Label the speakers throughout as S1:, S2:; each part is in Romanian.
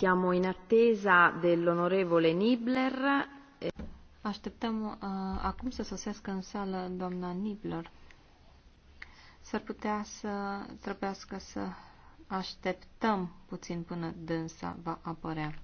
S1: Siamo in attesa dell'onorevole Nibler. Așteptăm uh, acum să sosească în sală doamna Nibler. S-ar putea să trebuiască să așteptăm puțin până dânsa va apărea.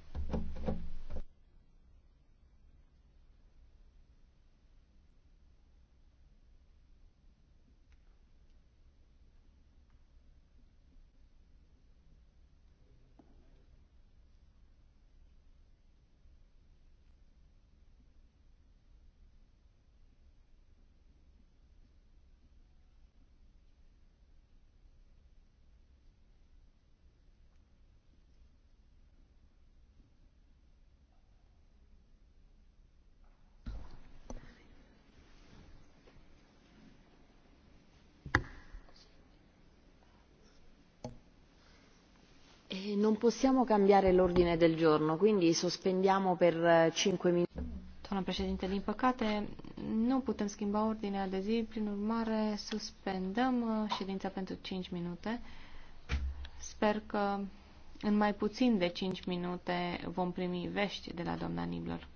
S1: Eh, non possiamo cambiare l'ordine del giorno, quindi sospendiamo per 5 eh, minute. Doamna președinte, din păcate nu putem schimba ordinea de zi, prin urmare suspendăm uh, ședința pentru 5 minute. Sper că în mai puțin de 5 minute vom primi vești de la doamna Nibler.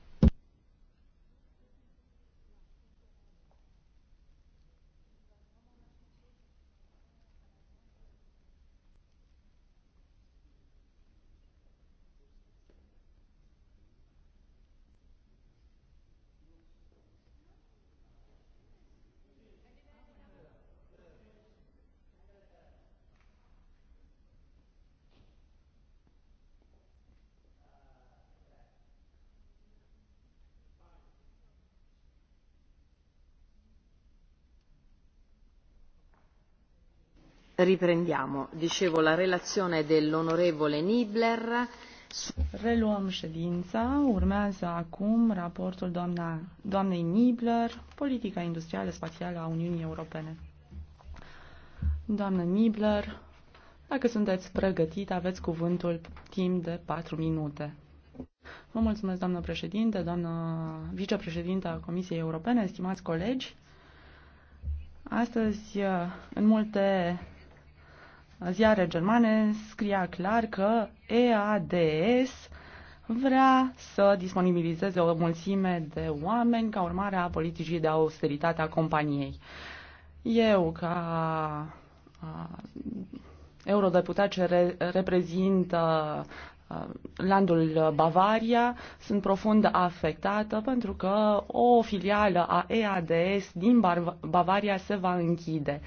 S1: Riprendiamo. Dicevo la relazione dell'onorevole Nibler.
S2: Reluăm ședința. Urmează acum raportul doamna, doamnei Nibler, politica industrială spațială a Uniunii Europene. Doamnă Nibler, dacă sunteți pregătit, aveți cuvântul timp de 4 minute. Vă mulțumesc, doamnă președinte, doamnă vicepreședinte a Comisiei Europene, stimați colegi. Astăzi, în multe ziare germane scria clar că EADS vrea să disponibilizeze o mulțime de oameni ca urmare a politicii de austeritate a companiei. Eu, ca eurodeputat ce re, reprezintă Uh, landul Bavaria sunt profund afectată pentru că o filială a EADS din Bavaria se va închide.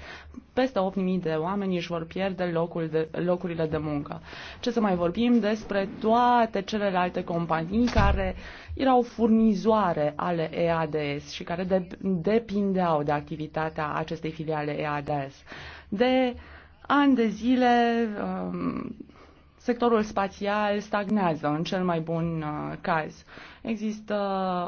S2: Peste 8.000 de oameni își vor pierde locul de, locurile de muncă. Ce să mai vorbim despre toate celelalte companii care erau furnizoare ale EADS și care de, depindeau de activitatea acestei filiale EADS. De ani de zile um, sectorul spațial stagnează în cel mai bun uh, caz. Există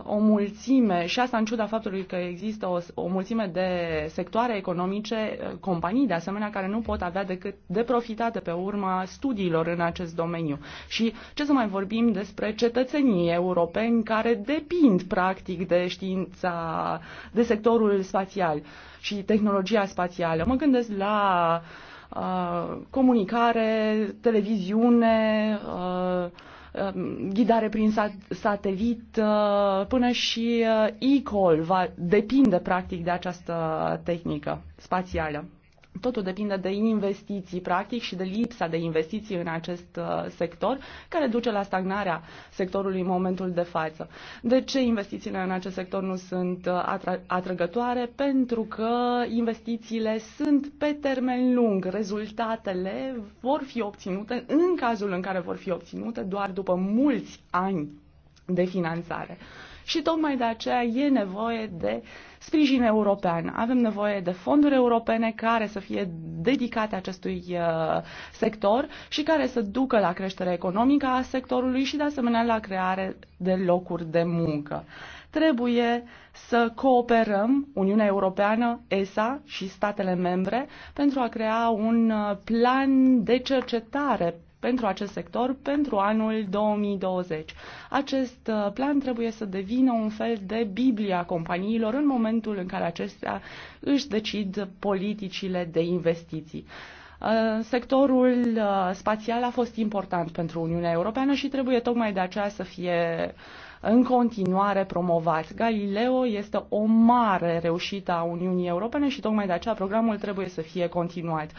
S2: o mulțime, și asta în ciuda faptului că există o, o mulțime de sectoare economice, uh, companii de asemenea, care nu pot avea decât de profitate pe urma studiilor în acest domeniu. Și ce să mai vorbim despre cetățenii europeni care depind practic de știința, de sectorul spațial și tehnologia spațială. Mă gândesc la uh, Uh, comunicare, televiziune, uh, um, ghidare prin satelit, uh, până și e-call va depinde practic de această tehnică spațială. Totul depinde de investiții, practic, și de lipsa de investiții în acest uh, sector, care duce la stagnarea sectorului în momentul de față. De ce investițiile în acest sector nu sunt uh, atra- atrăgătoare? Pentru că investițiile sunt pe termen lung. Rezultatele vor fi obținute, în cazul în care vor fi obținute, doar după mulți ani de finanțare și tocmai de aceea e nevoie de sprijin european. Avem nevoie de fonduri europene care să fie dedicate acestui uh, sector și care să ducă la creșterea economică a sectorului și de asemenea la creare de locuri de muncă trebuie să cooperăm Uniunea Europeană, ESA și statele membre pentru a crea un uh, plan de cercetare pentru acest sector pentru anul 2020. Acest uh, plan trebuie să devină un fel de Biblia companiilor în momentul în care acestea își decid politicile de investiții. Uh, sectorul uh, spațial a fost important pentru Uniunea Europeană și trebuie tocmai de aceea să fie în continuare promovat. Galileo este o mare reușită a Uniunii Europene și tocmai de aceea programul trebuie să fie continuat.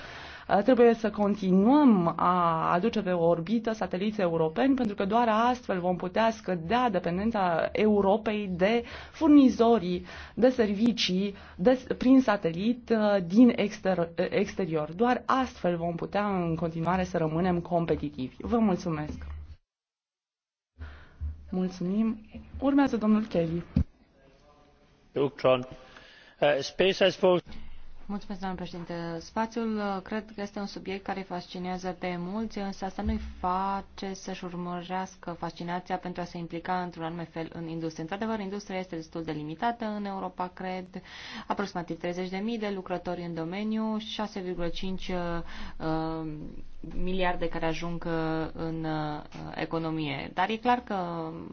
S2: Uh, trebuie să continuăm a aduce pe orbită sateliți europeni, pentru că doar astfel vom putea scădea dependența Europei de furnizorii de servicii de, prin satelit uh, din exter, exterior. Doar astfel vom putea în continuare să rămânem competitivi. Vă mulțumesc! Mulțumim. Urmează domnul Kelly.
S1: Uh, space, has Mulțumesc, doamnă președinte. Spațiul uh, cred că este un subiect care fascinează pe mulți, însă asta nu-i face să-și urmărească fascinația pentru a se implica într-un anume fel în industrie. Într-adevăr, industria este destul de limitată în Europa, cred, aproximativ 30.000 de lucrători în domeniu, 6,5 uh, miliarde care ajung uh, în uh, economie. Dar e clar că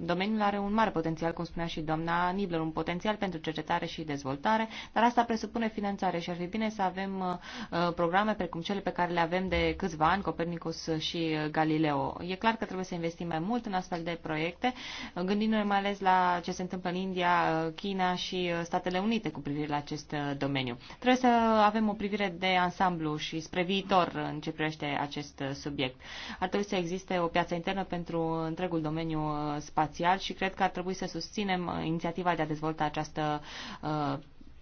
S1: domeniul are un mare potențial, cum spunea și doamna Nibler, un potențial pentru cercetare și dezvoltare, dar asta presupune finanțare și ar fi bine să avem uh, programe precum cele pe care le avem de câțiva ani, Copernicus și Galileo. E clar că trebuie să investim mai mult în astfel de proiecte, gândindu-ne mai ales la ce se întâmplă în India, China și Statele Unite cu privire la acest domeniu. Trebuie să avem o privire de ansamblu și spre viitor în ce privește acest acest uh, subiect. Ar trebui să existe o piață internă pentru întregul domeniu uh, spațial și cred că ar trebui să susținem uh, inițiativa de a dezvolta această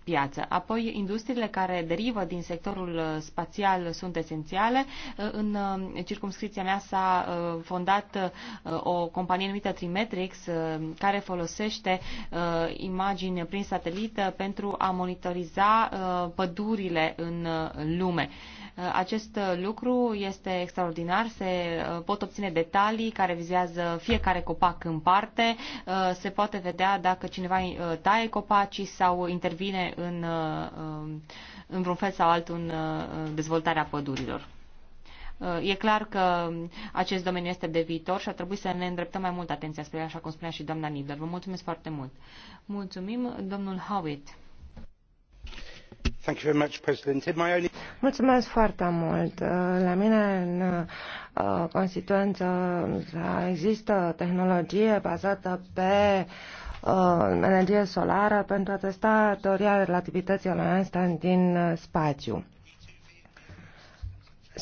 S1: piață. Apoi, industriile care derivă din sectorul spațial sunt esențiale. În circumscripția mea s-a fondat o companie numită Trimetrix care folosește imagini prin satelită pentru a monitoriza pădurile în lume. Uh, acest uh, lucru este extraordinar, se uh, pot obține detalii care vizează fiecare copac în parte, se poate vedea dacă cineva taie copacii sau intervine în, um, în vreun fel sau altul în dezvoltarea pădurilor. E clar că acest domeniu este de viitor și ar trebui să ne îndreptăm mai mult atenția spre el, așa cum spunea și doamna Nibler. Vă mulțumesc foarte mult. Mulțumim, domnul Howitt.
S3: Mulțumesc foarte mult. Uh, la mine în constituență uh, există tehnologie bazată pe uh, energie solară pentru a testa teoria relativității lui Einstein din spațiu.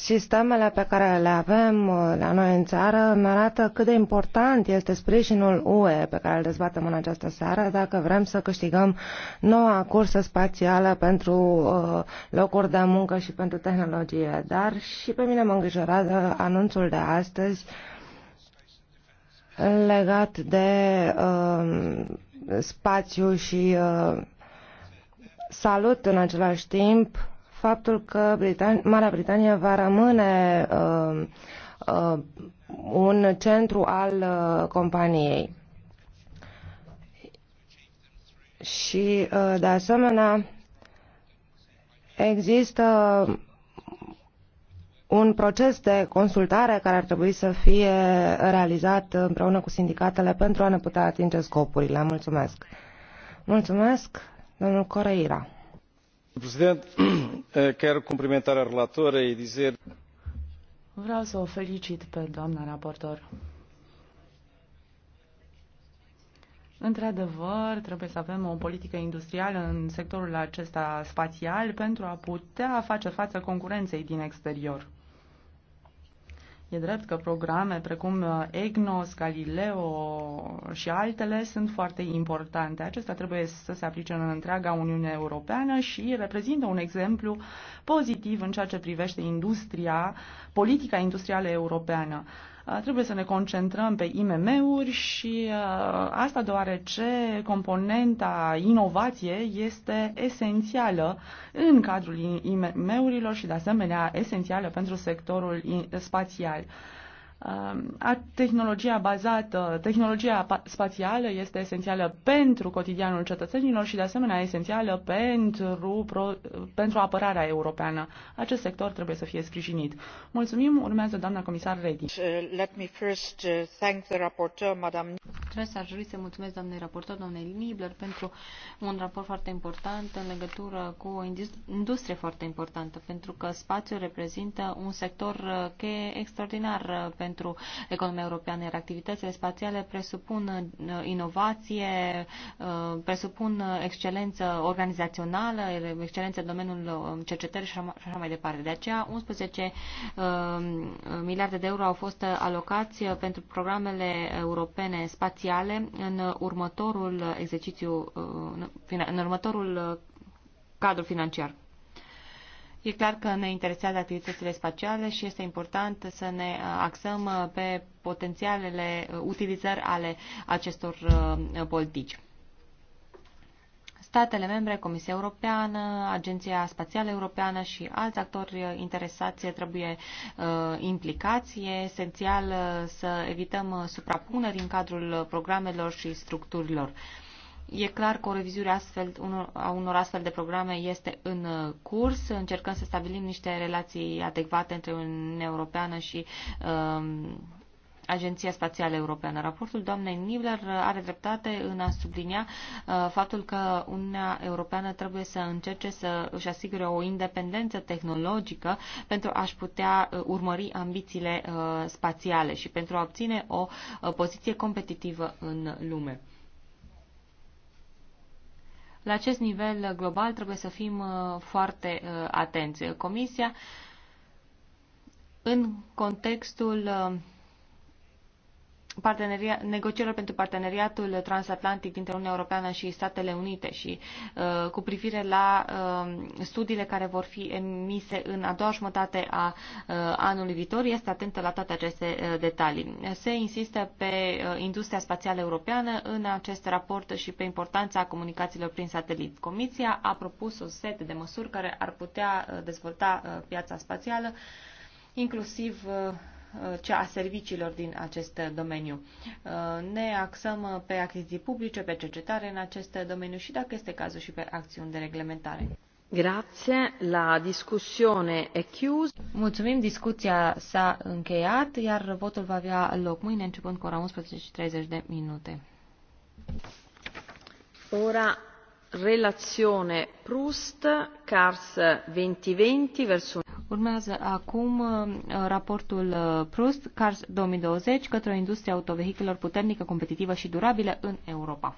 S3: Sistemele pe care le avem uh, la noi în țară ne arată cât de important este sprijinul UE pe care îl dezbatem în această seară dacă vrem să câștigăm noua cursă spațială pentru uh, locuri de muncă și pentru tehnologie. Dar și pe mine mă îngrijorează anunțul de astăzi legat de uh, spațiu și uh, salut în același timp faptul că Britan- Marea Britanie va rămâne uh, uh, un centru al uh, companiei. Și, uh, de asemenea, există un proces de consultare care ar trebui să fie realizat împreună cu sindicatele pentru a ne putea atinge scopurile. Mulțumesc! Mulțumesc, domnul Coreira! Domnule Președinte, dizer...
S2: Vreau să o felicit pe doamna raportor. Într-adevăr, trebuie să avem o politică industrială în sectorul acesta spațial pentru a putea face față concurenței din exterior. E drept că programe precum uh, EGNOS, Galileo și altele sunt foarte importante. Acestea trebuie să se aplice în întreaga Uniune Europeană și reprezintă un exemplu pozitiv în ceea ce privește industria, politica industrială europeană. Trebuie să ne concentrăm pe IMM-uri și asta deoarece componenta inovație este esențială în cadrul IMM-urilor și de asemenea esențială pentru sectorul spațial. Um, a Tehnologia bazată, tehnologia spațială este esențială pentru cotidianul cetățenilor și de asemenea esențială pentru, pro, pentru apărarea europeană. Acest sector trebuie să fie sprijinit. Mulțumim, urmează doamna comisar Redi. Uh, let me first, uh, thank the rapporteur, Madame...
S1: Mulțumesc, aș dori să mulțumesc doamnei raportor, doamnei Nibler, pentru un raport foarte important în legătură cu o industrie foarte importantă, pentru că spațiul reprezintă un sector uh, cheie extraordinar uh, pentru economia europeană, iar activitățile spațiale presupun uh, inovație, presupun excelență organizațională, excelență în domeniul cercetării și așa mai departe. De aceea, 11 miliarde de euro au fost alocați pentru programele europene spațiale parțiale în următorul exercițiu, în următorul cadru financiar. E clar că ne interesează activitățile spațiale și este important să ne axăm pe potențialele utilizări ale acestor uh, politici statele membre, Comisia Europeană, Agenția Spațială Europeană și alți actori interesați trebuie uh, implicați. E esențial uh, să evităm suprapuneri în cadrul programelor și structurilor. E clar că o revizuire astfel, unor, a unor astfel de programe este în uh, curs. Încercăm să stabilim niște relații adecvate între Uniunea Europeană și uh, Agenția Spațială Europeană. Raportul doamnei Nibler are dreptate în a sublinia uh, faptul că Uniunea Europeană trebuie să încerce să își asigure o independență tehnologică pentru a-și putea uh, urmări ambițiile uh, spațiale și pentru a obține o poziție competitivă în lume. La acest nivel global trebuie să fim foarte atenți. Comisia, în contextul negocierilor pentru parteneriatul transatlantic dintre Uniunea Europeană și Statele Unite și uh, cu privire la uh, studiile care vor fi emise în a doua jumătate a uh, anului viitor, este atentă la toate aceste uh, detalii. Se insistă pe uh, industria spațială europeană în acest raport și pe importanța comunicațiilor prin satelit. Comisia a propus un set de măsuri care ar putea uh, dezvolta uh, piața spațială, inclusiv uh, Uh, cea a serviciilor din acest domeniu. Uh, ne axăm uh, pe achiziții publice, pe cercetare în acest domeniu și, dacă este cazul, și pe acțiuni de reglementare. Grazie, la discussione è chiusa. Mulțumim, discuția s-a încheiat, iar votul va avea loc mâine, începând cu ora 11.30 de minute. Ora relazione Proust, Cars 2020 versus Urmează acum uh, raportul uh, Prust, CARS 2020, către o industrie autovehiculor puternică, competitivă și durabilă în Europa.